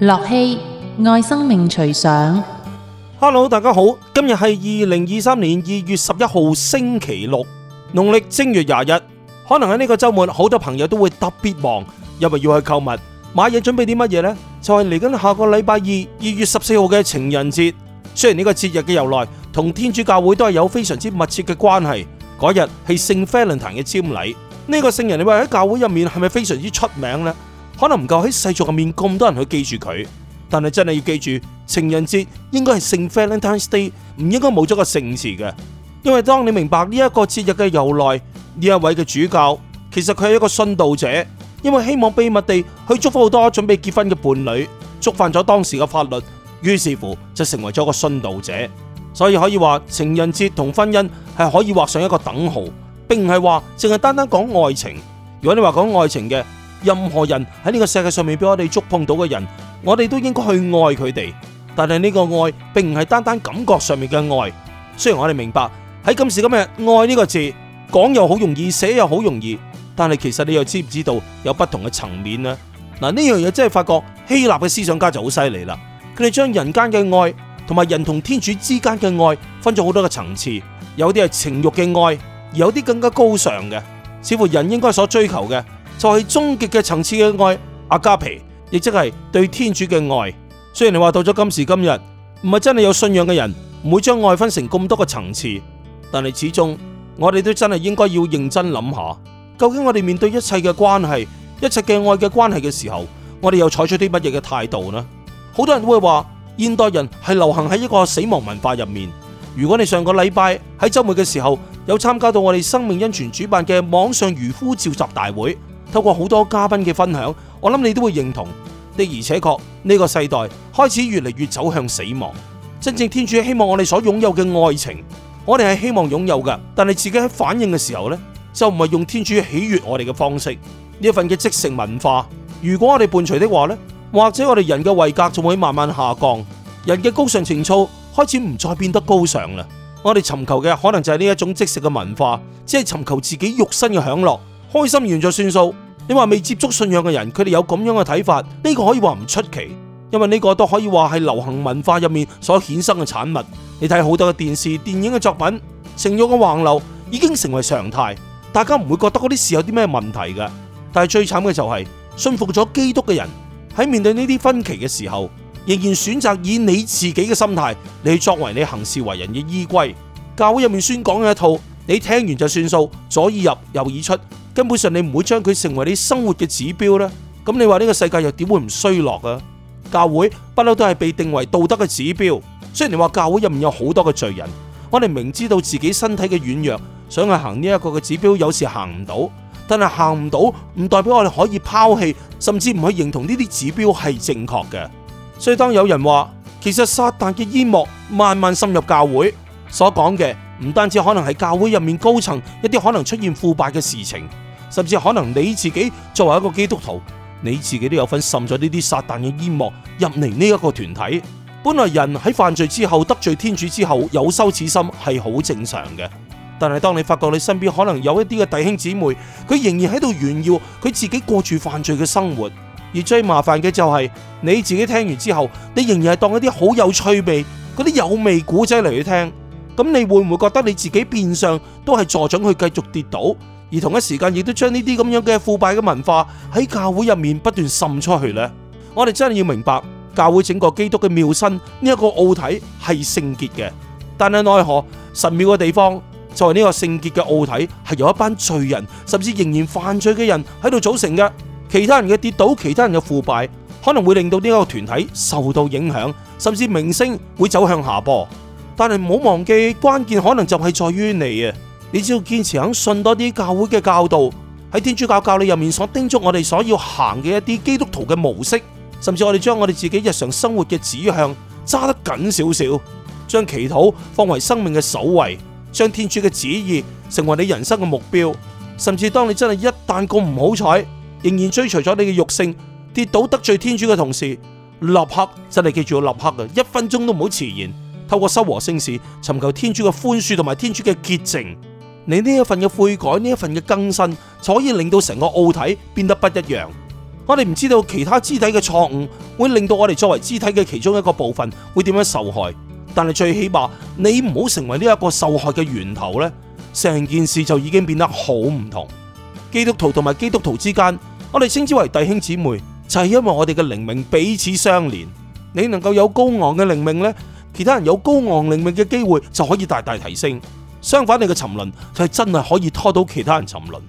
樂器愛生命隨想，Hello，大家好，今日係二零二三年二月十一號星期六，農曆正月廿日。可能喺呢個周末，好多朋友都會特別忙，因為要去購物買嘢，準備啲乜嘢呢？就係嚟緊下個禮拜二，二月十四號嘅情人節。雖然呢個節日嘅由來同天主教會都係有非常之密切嘅關係，嗰日係聖范倫坦嘅瞻禮。呢、這個聖人你話喺教會入面係咪非常之出名呢？可能唔夠喺世俗入面咁多人去記住佢，但係真係要記住，情人節應該係聖 Valentine's Day，唔應該冇咗個聖詞嘅。因為當你明白呢一個節日嘅由來，呢一位嘅主教其實佢係一個殉道者，因為希望秘密地去祝福好多準備結婚嘅伴侶，觸犯咗當時嘅法律，於是乎就成為咗個殉道者。所以可以話情人節同婚姻係可以畫上一個等號，並唔係話淨係單單講愛情。如果你話講愛情嘅，任何人喺呢個世界上面俾我哋觸碰到嘅人，我哋都應該去愛佢哋。但係呢個愛並唔係單單感覺上面嘅愛。雖然我哋明白喺今時今日，愛呢個字講又好容易，寫又好容易，但係其實你又知唔知道有不同嘅層面呢？嗱，呢樣嘢真係發覺希臘嘅思想家就好犀利啦。佢哋將人間嘅愛同埋人同天主之間嘅愛分咗好多個層次，有啲係情欲嘅愛，有啲更加高尚嘅，似乎人應該所追求嘅。就係終極嘅層次嘅愛，阿加皮，亦即係對天主嘅愛。雖然你話到咗今時今日，唔係真係有信仰嘅人唔會將愛分成咁多個層次，但係始終我哋都真係應該要認真諗下，究竟我哋面對一切嘅關係、一切嘅愛嘅關係嘅時候，我哋又採取啲乜嘢嘅態度呢？好多人都會話現代人係流行喺一個死亡文化入面。如果你上個禮拜喺周末嘅時候有參加到我哋生命恩泉主辦嘅網上漁夫召集大會。透過好多嘉賓嘅分享，我諗你都會認同，的而且確呢個世代開始越嚟越走向死亡。真正天主希望我哋所擁有嘅愛情，我哋係希望擁有㗎，但係自己喺反應嘅時候呢，就唔係用天主喜悅我哋嘅方式。呢一份嘅即食文化，如果我哋伴隨的話呢，或者我哋人嘅位格仲會慢慢下降，人嘅高尚情操開始唔再變得高尚啦。我哋尋求嘅可能就係呢一種即食嘅文化，只係尋求自己肉身嘅享樂。開心完就算數。你話未接觸信仰嘅人，佢哋有咁樣嘅睇法，呢個可以話唔出奇，因為呢個都可以話係流行文化入面所衍生嘅產物。你睇好多嘅電視、電影嘅作品，性欲嘅橫流已經成為常態，大家唔會覺得嗰啲事有啲咩問題嘅。但係最慘嘅就係信服咗基督嘅人喺面對呢啲分歧嘅時候，仍然選擇以你自己嘅心態嚟作為你行事為人嘅依歸。教會入面宣講嘅一套。你聽完就算數，左耳入右耳出，根本上你唔會將佢成為你生活嘅指標呢。咁你話呢個世界又點會唔衰落啊？教會不嬲都係被定為道德嘅指標，雖然你話教會入面有好多嘅罪人，我哋明知道自己身體嘅軟弱，想去行呢一個嘅指標，有時行唔到，但係行唔到唔代表我哋可以拋棄，甚至唔去認同呢啲指標係正確嘅。所以當有人話其實撒旦嘅煙幕慢慢滲入教會所講嘅。唔單止可能係教會入面高層一啲可能出現腐敗嘅事情，甚至可能你自己作為一個基督徒，你自己都有份滲咗呢啲撒旦嘅煙幕入嚟呢一個團體。本來人喺犯罪之後得罪天主之後有羞恥心係好正常嘅，但係當你發覺你身邊可能有一啲嘅弟兄姊妹，佢仍然喺度炫耀佢自己過住犯罪嘅生活，而最麻煩嘅就係你自己聽完之後，你仍然係當一啲好有趣味嗰啲有味古仔嚟去聽。咁你會唔會覺得你自己變相都係助長去繼續跌倒，而同一時間亦都將呢啲咁樣嘅腐敗嘅文化喺教會入面不斷滲出去呢？我哋真係要明白教會整個基督嘅妙身呢一個奧體係聖潔嘅，但係奈何神妙嘅地方就係呢個聖潔嘅奧體係由一班罪人甚至仍然犯罪嘅人喺度組成嘅，其他人嘅跌倒，其他人嘅腐敗，可能會令到呢一個團體受到影響，甚至名聲會走向下坡。但係唔好忘記，關鍵可能就係在於你啊。你只要堅持肯信多啲教會嘅教導，喺天主教教理入面所叮囑我哋所要行嘅一啲基督徒嘅模式，甚至我哋將我哋自己日常生活嘅指向揸得緊少少，將祈禱放為生命嘅首位，將天主嘅旨意成為你人生嘅目標。甚至當你真係一旦個唔好彩，仍然追隨咗你嘅肉性，跌倒得罪天主嘅同時，立刻真係記住要立刻啊，一分鐘都唔好遲延。透過修和聖事，尋求天主嘅寬恕同埋天主嘅潔淨，你呢一份嘅悔改，呢一份嘅更新，就可以令到成個奧體變得不一樣。我哋唔知道其他肢體嘅錯誤會令到我哋作為肢體嘅其中一個部分會點樣受害，但係最起碼你唔好成為呢一個受害嘅源頭呢，成件事就已經變得好唔同。基督徒同埋基督徒之間，我哋稱之為弟兄姊妹，就係因為我哋嘅靈命彼此相連。你能夠有高昂嘅靈命呢？其他人有高昂靈命嘅機會就可以大大提升，相反你嘅沉淪就係、是、真係可以拖到其他人沉淪，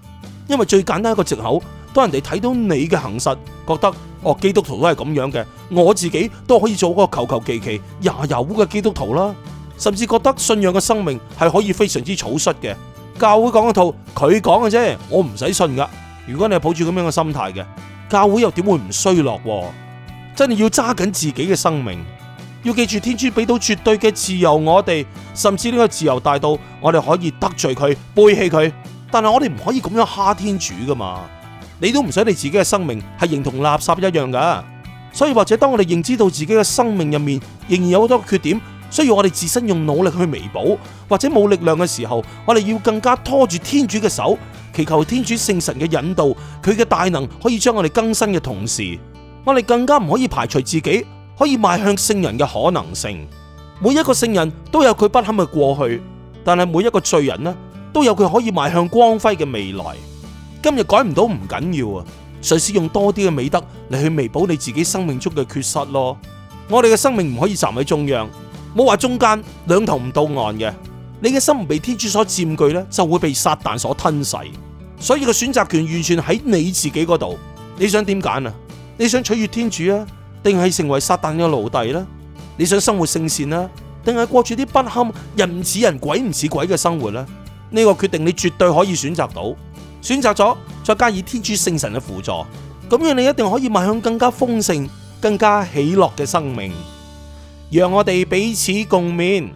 因為最簡單一個借口，當人哋睇到你嘅行實，覺得哦，基督徒都係咁樣嘅，我自己都可以做嗰個求求其其、呀呀烏嘅基督徒啦，甚至覺得信仰嘅生命係可以非常之草率嘅，教會講一套，佢講嘅啫，我唔使信㗎。如果你係抱住咁樣嘅心態嘅，教會又點會唔衰落？真係要揸緊自己嘅生命。要記住，天主俾到絕對嘅自由我哋，甚至呢個自由大到，我哋可以得罪佢、背棄佢，但係我哋唔可以咁樣蝦天主噶嘛？你都唔想你自己嘅生命係形同垃圾一樣噶。所以或者當我哋認知到自己嘅生命入面仍然有好多缺點，需要我哋自身用努力去彌補，或者冇力量嘅時候，我哋要更加拖住天主嘅手，祈求天主聖神嘅引導，佢嘅大能可以將我哋更新嘅同時，我哋更加唔可以排除自己。可以邁向聖人嘅可能性，每一個聖人都有佢不堪嘅過去，但係每一個罪人呢都有佢可以邁向光輝嘅未來。今日改唔到唔緊要啊，嘗試用多啲嘅美德嚟去彌補你自己生命中嘅缺失咯。我哋嘅生命唔可以站喺中央，冇話中間兩頭唔到岸嘅。你嘅心唔被天主所佔據呢，就會被撒旦所吞噬。所以個選擇權完全喺你自己嗰度，你想點揀啊？你想取悅天主啊？定係成為撒旦嘅奴隸啦？你想生活聖善啦？定係過住啲不堪人唔似人鬼唔似鬼嘅生活啦？呢、這個決定你絕對可以選擇到，選擇咗再加以天主聖神嘅輔助，咁樣你一定可以邁向更加豐盛、更加喜樂嘅生命。讓我哋彼此共勉。